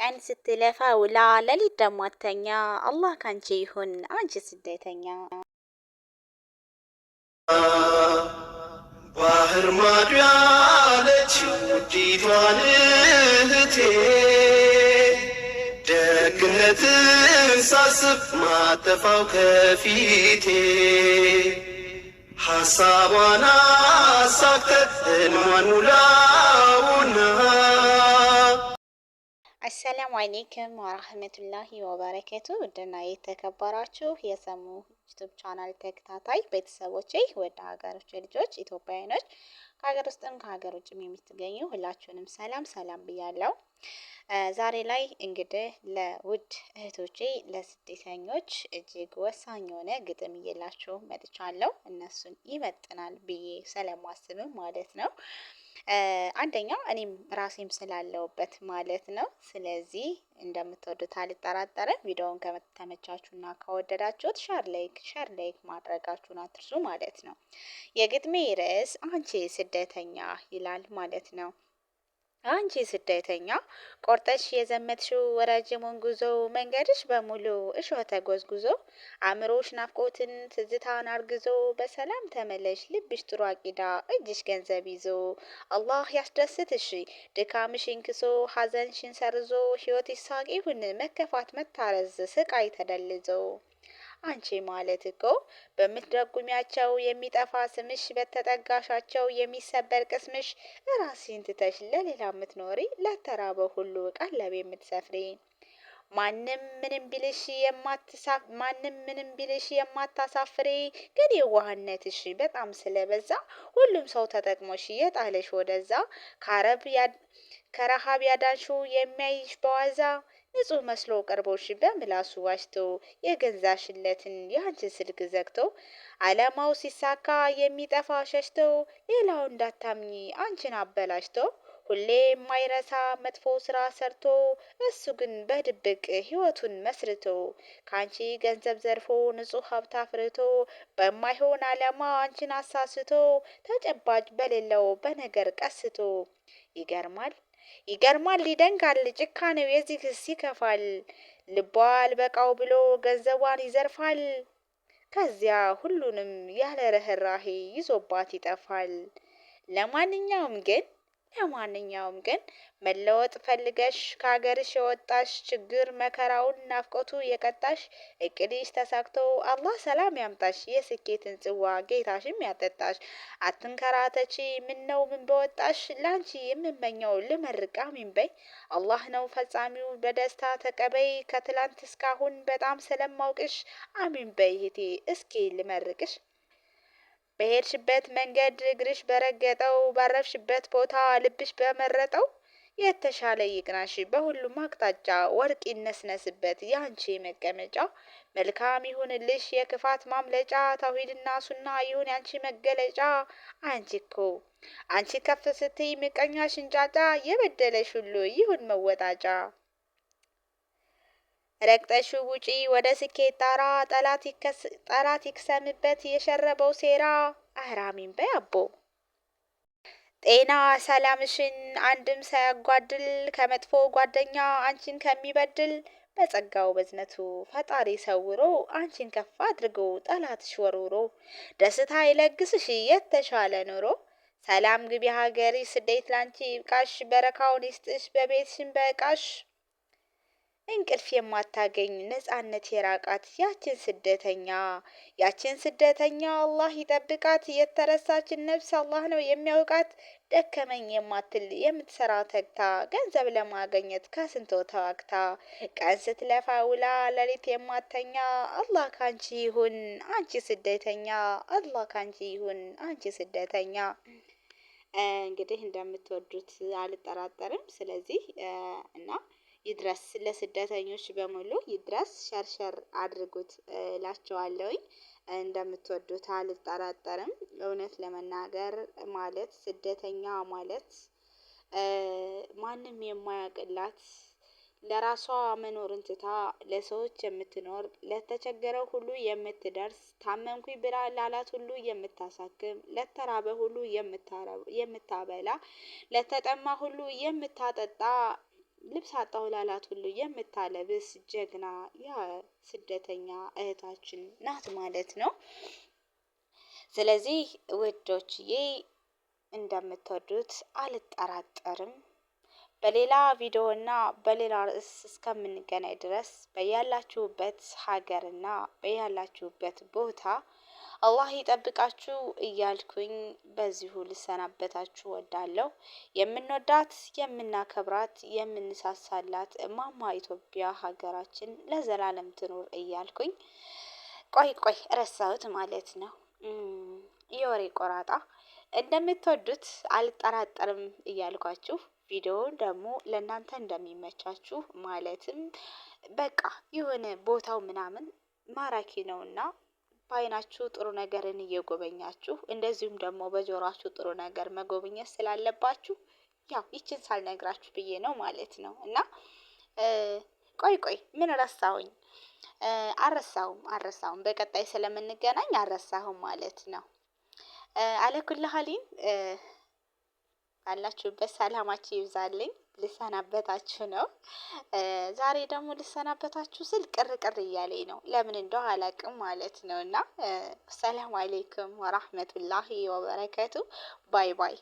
ቀን ስትለፋ ውላ ለሊት ደግሞ አተኛ። አላህ ካንቺ ይሁን አንቺ ስደተኛ። ባህር ማዶ ያለች ውዲቷን እህቴ ደግነትን ሳስብ ማጠፋው ከፊቴ ሐሳቧን አሳክተ እንሟን ሙላውና አሰላሙ አሌይኩም ወራህመቱላሂ ወበረከቱ ውድና የተከበራችሁ የሰሙ ዩቱብ ቻናል ተከታታይ ቤተሰቦች ወደ ሀገሮች ልጆች ኢትዮጵያውያኖች ከሀገር ውስጥም ከሀገር ውጭም የምትገኙ ሁላችሁንም ሰላም ሰላም ብያለሁ። ዛሬ ላይ እንግዲህ ለውድ እህቶቼ ለስደተኞች እጅግ ወሳኝ የሆነ ግጥም እየላችሁ መጥቻለሁ። እነሱን ይመጥናል ብዬ ስለማስብም ማለት ነው። አንደኛው እኔም ራሴም ስላለውበት ማለት ነው። ስለዚህ እንደምትወዱት አልጠራጠርም። ቪዲዮውን ከተመቻችሁና ከወደዳችሁት ሻር ላይክ ሻር ላይክ ማድረጋችሁን አትርሱ ማለት ነው። የግጥሜ ርዕስ አንቺ ስደተኛ ይላል ማለት ነው። አንቺ ስደተኛ ቆርጠሽ የዘመትሽው ወራጅሙን ጉዞ መንገድሽ በሙሉ እሾህ ተጎዝጉዞ አእምሮሽ ናፍቆትን ትዝታን አርግዞ በሰላም ተመለሽ ልብሽ ጥሩ አቂዳ እጅሽ ገንዘብ ይዞ አላህ ያስደስትሽ ድካምሽን ክሶ ሀዘንሽን ሰርዞ ሕይወትሽ ሳቅ ይሁን መከፋት መታረዝ ስቃይ ተደልዞ አንቺ ማለት እኮ በምትደጉሚያቸው የሚጠፋ ስምሽ በተጠጋሻቸው የሚሰበር ቅስምሽ ራስሽን ትተሽ ለሌላ የምትኖሪ ለተራበ ሁሉ ቀለብ የምትሰፍሪ ማንም ምንም ቢልሽ ማንም ምንም ቢልሽ የማታሳፍሪ ግን የዋህነትሽ በጣም ስለበዛ ሁሉም ሰው ተጠቅሞሽ የጣለሽ ወደዛ ከረሃብ ያዳንሹ የሚያይሽ በዋዛ ንጹህ መስሎ ቀርቦሽ በምላሱ ዋሽቶ የገዛሽለትን የአንቺን ስልክ ዘግቶ አላማው ሲሳካ የሚጠፋ ሸሽቶ ሌላው እንዳታምኚ አንቺን አበላሽቶ ሁሌ የማይረሳ መጥፎ ስራ ሰርቶ እሱ ግን በድብቅ ህይወቱን መስርቶ ከአንቺ ገንዘብ ዘርፎ ንጹህ ሀብት አፍርቶ በማይሆን አላማ አንቺን አሳስቶ ተጨባጭ በሌለው በነገር ቀስቶ ይገርማል ይገርማል ይደንቃል ጭካኔው የዚህ ይከፋል። ልቧ አልበቃው ብሎ ገንዘቧን ይዘርፋል። ከዚያ ሁሉንም ያለ ርህራሄ ይዞባት ይጠፋል። ለማንኛውም ግን ለማንኛውም ግን መለወጥ ፈልገሽ ከሀገርሽ የወጣሽ ችግር መከራውን ናፍቆቱ የቀጣሽ እቅድሽ ተሳክቶ አላህ ሰላም ያምጣሽ የስኬትን ጽዋ ጌታሽም ያጠጣሽ። አትንከራተቺ ምነው ምን በወጣሽ ላንቺ የምመኘው ልመርቅ ሚንበይ በይ። አላህ ነው ፈጻሚው በደስታ ተቀበይ። ከትላንት እስካሁን በጣም ስለማውቅሽ አሚንበይ በይ እስኪ ልመርቅሽ በሄድሽበት መንገድ እግርሽ በረገጠው ባረፍሽበት ቦታ ልብሽ በመረጠው የተሻለ ይቅናሽ በሁሉም አቅጣጫ ወርቅ ይነስነስበት የአንቺ መቀመጫ መልካም ይሁንልሽ የክፋት ማምለጫ ታውሂድና ሱና ይሁን የአንቺ መገለጫ። አንቺ እኮ አንቺ ከፍ ስትይ ምቀኛ ሽንጫጫ የበደለሽ ሁሉ ይሁን መወጣጫ። ረግጠሽው ውጪ ወደ ስኬት ጣራ ጠላት ይክሰምበት የሸረበው ሴራ። አህራሚን በያቦ ጤና ሰላምሽን አንድም ሳያጓድል ከመጥፎ ጓደኛ አንቺን ከሚበድል በጸጋው በዝነቱ ፈጣሪ ሰውሮ አንቺን ከፍ አድርጎ ጠላትሽ ወርውሮ ደስታ ይለግስሽ የተሻለ ኑሮ። ሰላም ግቢ ሀገሪ ስደት ላንቺ ይብቃሽ በረካውን ይስጥሽ በቤትሽን በቃሽ እንቅልፍ የማታገኝ ነጻነት የራቃት ያችን ስደተኛ ያችን ስደተኛ አላህ ይጠብቃት። የተረሳችን ነፍስ አላህ ነው የሚያውቃት። ደከመኝ የማትል የምትሰራ ተግታ ገንዘብ ለማገኘት ከስንቶ ተዋግታ ቀን ስትለፋ ውላ ሌሊት የማተኛ አላህ ካንቺ ይሁን አንቺ ስደተኛ አላህ ካንቺ ይሁን አንቺ ስደተኛ። እንግዲህ እንደምትወዱት አልጠራጠርም። ስለዚህ እና ይድረስ ለስደተኞች በሙሉ ይድረስ ሸርሸር አድርጉት እላቸዋለሁኝ እንደምትወዱት አልጠራጠርም። እውነት ለመናገር ማለት ስደተኛ ማለት ማንም የማያውቅላት ለራሷ መኖር እንትታ ለሰዎች የምትኖር ለተቸገረው ሁሉ የምትደርስ ታመምኩኝ ብላ ላላት ሁሉ የምታሳክም ለተራበ ሁሉ የምታበላ ለተጠማ ሁሉ የምታጠጣ ልብስ ላላት ሁሉ የምታለብስ ጀግና ያ ስደተኛ እህታችን ናት ማለት ነው። ስለዚህ ውዶችዬ እንደምትወዱት አልጠራጠርም። በሌላ ቪዲዮና በሌላ ርዕስ እስከምንገናኝ ድረስ በያላችሁበት ሀገርና በያላችሁበት ቦታ አላህ ይጠብቃችሁ እያልኩኝ በዚሁ ልሰናበታችሁ እወዳለሁ። የምንወዳት የምናከብራት የምንሳሳላት እማማ ኢትዮጵያ ሀገራችን ለዘላለም ትኖር እያልኩኝ ቆይ ቆይ ረሳሁት ማለት ነው። የወሬ ቆራጣ እንደምትወዱት አልጠራጠርም እያልኳችሁ ቪዲዮውን ደግሞ ለእናንተ እንደሚመቻችሁ ማለትም በቃ የሆነ ቦታው ምናምን ማራኪ ነውና በአይናችሁ ጥሩ ነገርን እየጎበኛችሁ እንደዚሁም ደግሞ በጆሯችሁ ጥሩ ነገር መጎብኘት ስላለባችሁ ያው ይችን ሳልነግራችሁ ብዬ ነው ማለት ነው። እና ቆይ ቆይ ምን ረሳሁኝ? አልረሳሁም አልረሳሁም በቀጣይ ስለምንገናኝ አረሳሁም ማለት ነው። አለኩልሃሊን ባላችሁበት ሰላማችሁ ይብዛልኝ ልሰናበታችሁ ነው። ዛሬ ደግሞ ልሰናበታችሁ ስል ቅር ቅር እያለኝ ነው፣ ለምን እንደው አላቅም ማለት ነው። እና ሰላም አሌይኩም ወራህመቱላሂ ወበረከቱ። ባይ ባይ።